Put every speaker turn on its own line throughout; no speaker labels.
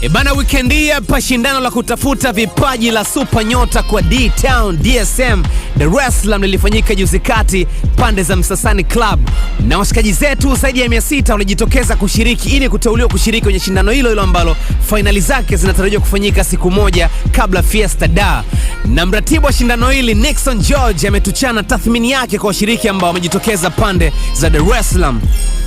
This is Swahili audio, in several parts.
E bana, weekend hii hapa shindano la kutafuta vipaji la super nyota kwa D-Town DSM Dar es Salaam lilifanyika juzi kati pande za Msasani Club, na washikaji zetu zaidi ya sita walijitokeza kushiriki ili kuteuliwa kushiriki kwenye shindano hilo hilo ambalo fainali zake zinatarajiwa kufanyika siku moja kabla Fiesta Da. Na mratibu wa shindano hili Nixon George ametuchana tathmini yake kwa washiriki ambao wamejitokeza pande za Dar es Salaam.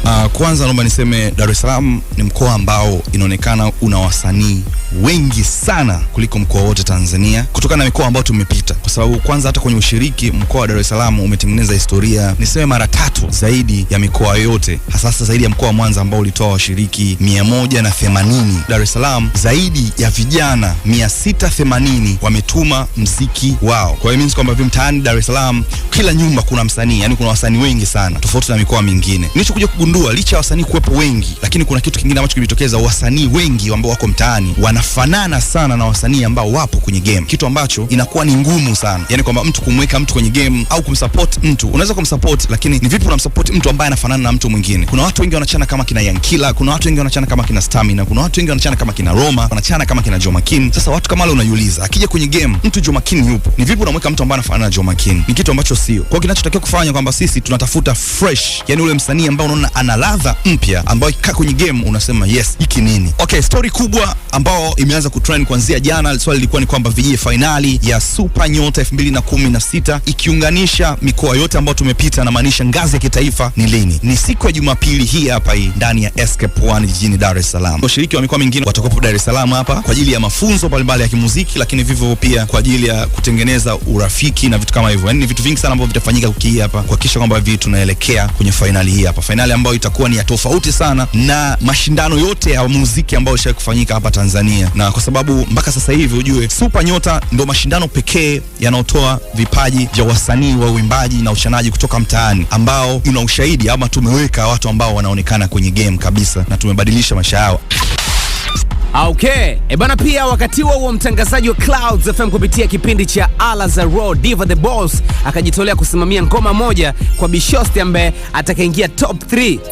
Uh, kwanza naomba niseme Dar es Salaam ni mkoa ambao inaonekana una wasanii wengi sana kuliko mkoa wote Tanzania, kutokana na mikoa ambayo tumepita, kwa sababu kwanza hata kwenye ushiriki mkoa wa Dar es Salaam umetengeneza historia, niseme mara tatu zaidi ya mikoa yote, hasahasa zaidi ya mkoa wa Mwanza ambao ulitoa washiriki 180. Dar es Salaam zaidi ya vijana 680 wametuma mziki wao. Kwa hiyo means kwamba mtaani Dar es Salaam kila nyumba kuna msanii, yani kuna wasanii wengi sana, tofauti na mikoa mingine. Nilichokuja nimegundua licha ya wasanii kuwepo wengi, lakini kuna kitu kingine ambacho kimetokeza. Wasanii wengi ambao wako mtaani wanafanana sana na wasanii ambao wapo kwenye game, kitu ambacho inakuwa ni ngumu sana, yani kwamba mtu kumweka mtu kwenye game au kumsupport mtu. Unaweza kumsupport, lakini ni vipi unamsupport mtu ambaye anafanana na mtu mwingine? Kuna watu wengi wanachana kama kina Yankila, kuna watu wengi wanachana kama kina Stamina, kuna watu wengi wanachana kama kina Roma, wanachana kama kina Jomakin. Sasa watu kama wale unajiuliza, akija kwenye game mtu Jomakin yupo, ni vipi unamweka mtu ambaye anafanana na Jomakin? Ni kitu ambacho sio. Kwa hiyo kinachotakiwa kufanya kwamba sisi tunatafuta fresh, yani ule msanii ambaye unaona ana ladha mpya ambayo ikikaa kwenye game unasema yes, hiki nini? Okay, story kubwa ambayo imeanza kutrend kuanzia jana, swali lilikuwa ni kwamba vijie fainali ya Super Nyota 2016 ikiunganisha mikoa yote ambayo tumepita, namaanisha ngazi ya kitaifa, ni lini? Ni siku ya Jumapili hii hapa hii ndani ya Escape One jijini Dar es Salaam. Washiriki wa mikoa mingine watakuwepo Dar es Salaam hapa kwa ajili ya mafunzo mbalimbali ya kimuziki, lakini vivyo pia kwa ajili ya kutengeneza urafiki na vitu kama hivyo. Yaani ni vitu vingi sana ambavyo vitafanyika kukii hapa kuhakikisha kwamba vitu e tunaelekea kwenye fainali hii hapa, fainali ambayo ambayo itakuwa ni ya tofauti sana na mashindano yote ya muziki ambayo ishawai kufanyika hapa Tanzania, na kwa sababu mpaka sasa hivi ujue Super Nyota ndo mashindano pekee yanayotoa vipaji vya wasanii wa uimbaji na uchanaji kutoka mtaani, ambao una ushahidi ama tumeweka watu ambao wanaonekana kwenye game kabisa na tumebadilisha maisha yao.
Ah, okay, Ebana eh, pia wakati huo huo mtangazaji wa Clouds FM kupitia kipindi cha Ala za Raw Diva the Boss akajitolea kusimamia ngoma moja kwa Bishosti ambaye atakaingia top 3